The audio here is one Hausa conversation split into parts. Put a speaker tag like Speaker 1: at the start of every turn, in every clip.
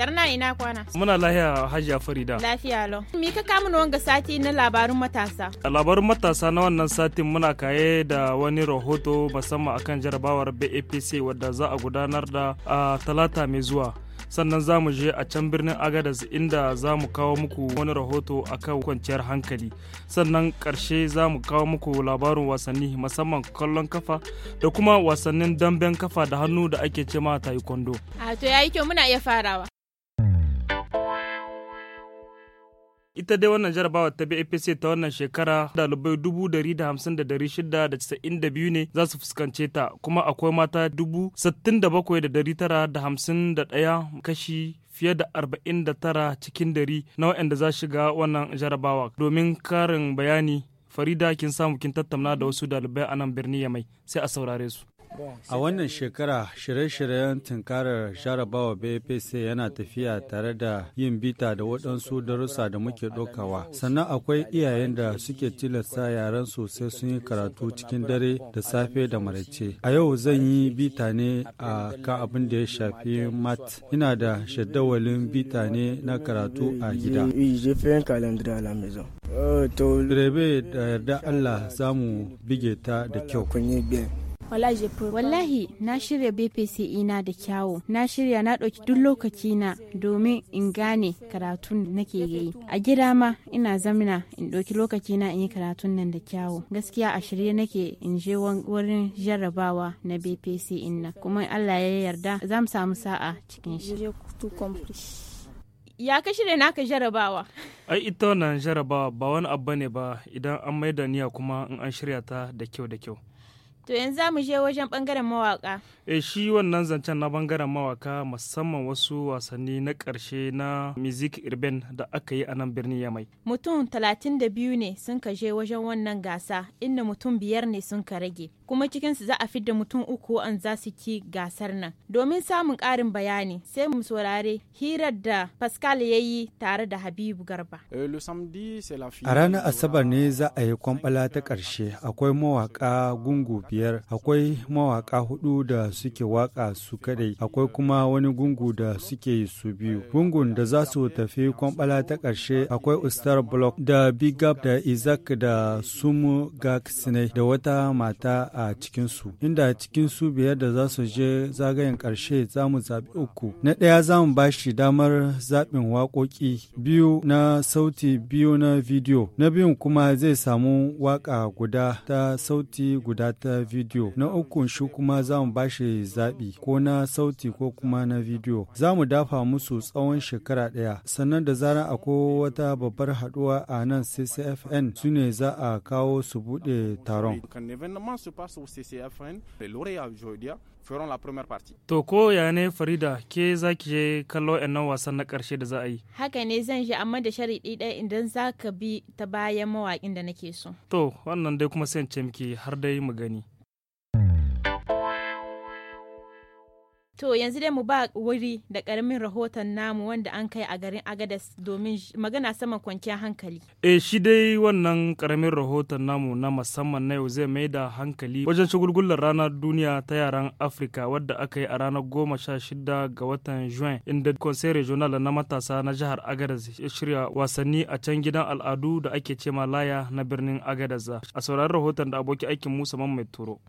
Speaker 1: Tarna ina kwana.
Speaker 2: Muna lafiya Hajiya Farida.
Speaker 1: Lafiya lau. Me ka kama na wanga sati na labarin matasa?
Speaker 2: A labarin matasa na wannan satin muna kaye da wani rahoto musamman akan jarabawar BAPC wadda za a gudanar da a talata mai zuwa. sannan za mu je a can birnin agadas inda za mu kawo muku wani rahoto kan kwanciyar hankali sannan karshe za mu kawo muku labarin wasanni musamman kallon kafa da kuma wasannin damben kafa da hannu da ake cema taekwondo
Speaker 1: a to yayi kyau muna iya farawa
Speaker 2: ita dai wannan jarabawa ta BAPC ta wannan shekara dalibai dubu dari da hamsin da dari shida da casa'in da biyu ne za su fuskance ta kuma akwai mata dubu sittin da bakwai da dari tara da hamsin da ɗaya kashi fiye da 49 cikin dari na waɗanda za shiga wannan jarabawa domin karin bayani farida kin samu kin tattauna da wasu dalibai a nan birni
Speaker 3: ya mai sai a saurare su A wannan shekara shirye-shiryen tunkarar jarabawa BPC yana tafiya tare da yin bita da waɗansu darussa da muke ɗaukawa. Sannan akwai iyayen da suke tilasta yaran sosai sun yi karatu cikin dare da safe da marace A yau zan yi bita ne a kan abin da ya shafi mat. Ina da shaddawalin bita ne na karatu a gida. Direbe da yarda Allah za mu bige ta da kyau.
Speaker 1: wallahi na shirya bpc ina da kyawu na shirya na ɗauki duk lokaci na domin in gane karatun nake yi a gida ma ina zamina in ɗauki lokaci na in yi karatun nan da kyawu gaskiya a shirya nake in je wurin jarrabawa na bpc ina kuma allah ya yarda za mu samu sa'a cikin shi ya ka shirya naka jarabawa ai ita wannan
Speaker 2: jarabawa ba wani abu ne ba idan an maida niyya kuma in an shirya ta da kyau da kyau
Speaker 1: To yanzu za mu je wajen bangaren mawaka.
Speaker 2: E eh, shi wannan zancen na bangaren mawaka musamman wasu wasanni na ƙarshe na Music Irben da aka yi a nan birnin Yamai.
Speaker 1: Mutum 32 ne sun ka je wajen wannan gasa inda mutum biyar ne sun ka rage. kuma cikinsu za a fidda mutum uku an za su ci gasar nan. Domin samun ƙarin bayani sai mu saurare hirar da Pascal ya yi tare da Habibu Garba. Euh, a ranar
Speaker 3: Asabar ne za a yi kwambala ta ƙarshe akwai mawaƙa gungu biyar akwai mawaƙa hudu da suke waƙa su kadai akwai kuma wani gungu da suke yi su biyu. Gungun da za su tafi kwambala ta ƙarshe akwai Ustar Block da Big Up da Isaac da Sumu Gaksine da wata mata a cikinsu inda cikin su biyar da za su je zagayen ƙarshe za mu zaɓi uku na ɗaya za mu ba shi damar zaɓin waƙoƙi biyu na sauti biyu na vidiyo. na biyun kuma zai samu waƙa guda ta sauti guda ta vidiyo. na uku shi kuma za mu ba shi zaɓi ko na sauti ko kuma na vidiyo. za mu dafa musu tsawon shekara ɗaya sannan da zarar akwai wata babbar haɗuwa a nan ccfn su ne za a kawo su buɗe taron
Speaker 4: grâce au CCFN, les lauréats aujourd'hui feront la première partie.
Speaker 3: To ko ya ne Farida ke
Speaker 2: za ki je kallo nan wasan na karshe da za a yi?
Speaker 1: Haka ne zan je amma da sharidi ɗaya idan za ka bi ta bayan mawaƙin da nake so.
Speaker 2: To wannan dai kuma sai ce miki har dai mu gani.
Speaker 1: To yanzu dai mu ba wuri da karamin rahoton namu wanda an kai a garin Agadas domin magana saman kwanciyar hankali.
Speaker 2: eh shi dai wannan karamin rahoton namu na musamman na yau zai mai da hankali wajen shagulgular ranar duniya ta yaran Afirka wadda aka yi a ranar goma sha shida ga watan Juin inda Conseil Regional na matasa na jihar Agadas ya shirya wasanni a can gidan al'adu da ake cema laya na birnin Agadas. A sauraron rahoton da aboki aikin Musa Mamman Turo.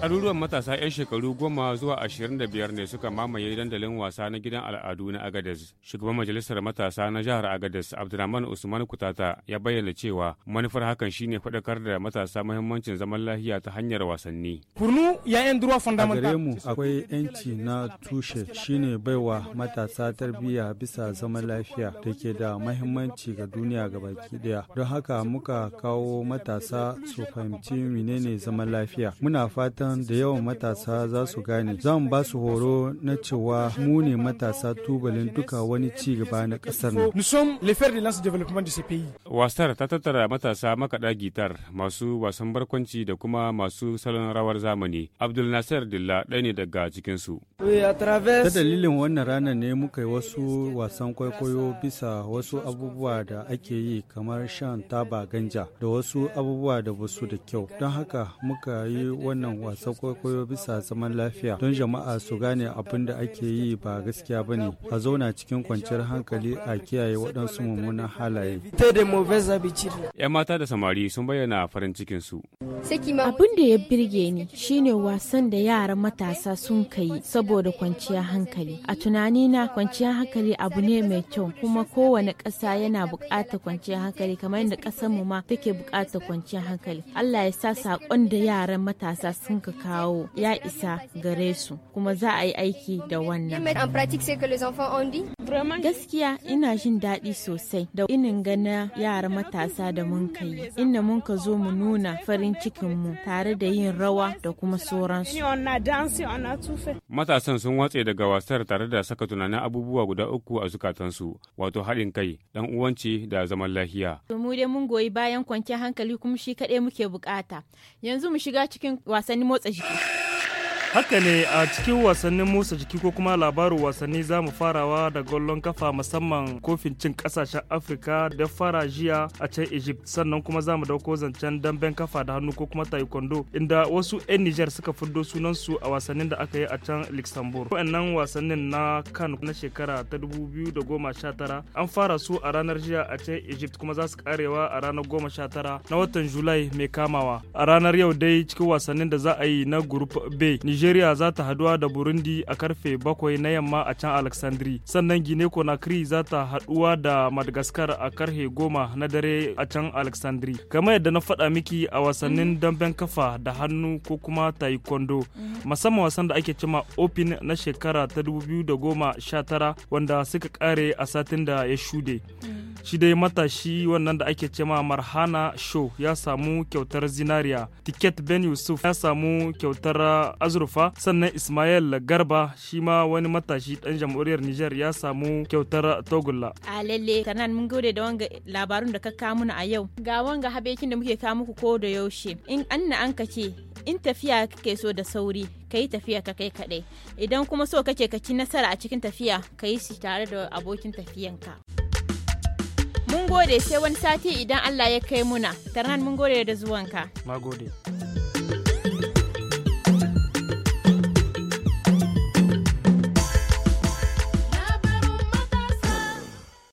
Speaker 4: ɗaruruwan matasa 'yan shekaru goma zuwa ashirin da biyar ne suka mamaye dandalin wasa na gidan al'adu na agadez shugaban majalisar matasa na jihar agadez abdulrahman usman kutata ya bayyana cewa manufar hakan shine faɗakar da matasa muhimmancin zaman lafiya ta hanyar wasanni kurnu yayan durwa fundamental gare
Speaker 3: mu akwai yanci na tushe shine baiwa matasa tarbiyya bisa zaman lafiya da ke da mahimmanci ga duniya ga baki ɗaya don haka muka kawo matasa su fahimci menene zaman lafiya muna fatan nan da yawan matasa za su gane zan basu ba su horo na cewa mu ne matasa tubalin duka wani ci gaba na kasar
Speaker 4: nan wasar ta tattara matasa makaɗa gitar masu wasan barkwanci da kuma masu salon rawar zamani abdul nasir dilla ɗaya ne daga su
Speaker 3: ta dalilin wannan ranar ne muka yi wasu wasan kwaikwayo bisa wasu abubuwa da ake yi kamar shan taba ganja da wasu abubuwa da basu da kyau don haka muka yi wannan wasan sakwakwayo bisa zaman lafiya don jama'a su gane abin da ake yi ba gaskiya ba ne a zauna cikin kwanciyar hankali a kiyaye waɗansu mummunan halaye.
Speaker 4: ‘Yan mata da samari sun bayyana farin cikin su.
Speaker 1: Abin da ya birge ni shine wasan da yara matasa sun kai saboda kwanciyar hankali. A tunanina kwanciyar hankali abu ne mai kyau kuma kowane ƙasa yana buƙatar kwanciyar hankali kamar yadda ƙasar mu ma take buƙatar kwanciyar hankali. Allah ya sa saƙon da yaran matasa sun ka suka kawo ya isa gare su kuma za a yi aiki da wannan. Gaskiya ina jin daɗi sosai da inin gana yara matasa da mun kai inda mun ka zo mu nuna farin cikinmu tare da yin rawa da kuma sauransu.
Speaker 4: Matasan sun watse daga wasar tare da saka tunanin abubuwa guda uku a zukatansu wato haɗin kai ɗan uwanci da zaman lafiya.
Speaker 1: Mu dai mun goyi bayan kwanciyar hankali kuma shi kaɗai muke bukata. Yanzu mu shiga cikin wasannin 哎。
Speaker 2: Haka ne a cikin wasannin motsa jiki ko kuma labarin wasanni za mu farawa da gollon kafa musamman kofin cin kasashen Afirka da fara jiya a can Egypt sannan kuma za mu dauko zancen damben kafa da hannu ko kuma taekwondo inda wasu 'yan Nijar suka fiddo sunansu a wasannin da aka yi a can Luxembourg. Wa'annan wasannin na kan na shekara ta da 2019 an fara su a ranar jiya a can Egypt kuma za su karewa a ranar 19 na watan Julai mai kamawa. A ranar yau dai cikin wasannin da za a yi na Group B Nigeria za ta haduwa da Burundi a karfe bakwai na yamma a can Alexandri. Sannan Gine Conakry za ta haduwa da Madagascar a karfe goma na dare a can Alexandri. Kamar yadda na faɗa miki a wasannin damben kafa da hannu ko kuma taekwondo. Mhm. Musamman wasan da ake cima Open na shekara ta 2019 wanda suka kare a satin da ya shude. Mhm. shi dai matashi wannan da ake cema marhana show ya samu kyautar zinariya tiket ben yusuf ya samu kyautar azurfa sannan ismail garba shi ma wani matashi dan jamhuriyar niger ya samu kyautar togulla
Speaker 1: a lalle kanan mun gode da wanga labarun da ka kawo mana a yau ga wanga habekin da muke kawo muku ko da yaushe in an na an kace in tafiya kake so da sauri ka yi tafiya ka kai kaɗai idan kuma so kake ka ci nasara a cikin tafiya ka yi shi tare da abokin tafiyanka. Mun gode sai wani sati idan Allah ya kai muna. Tarhan mun gode da zuwanka.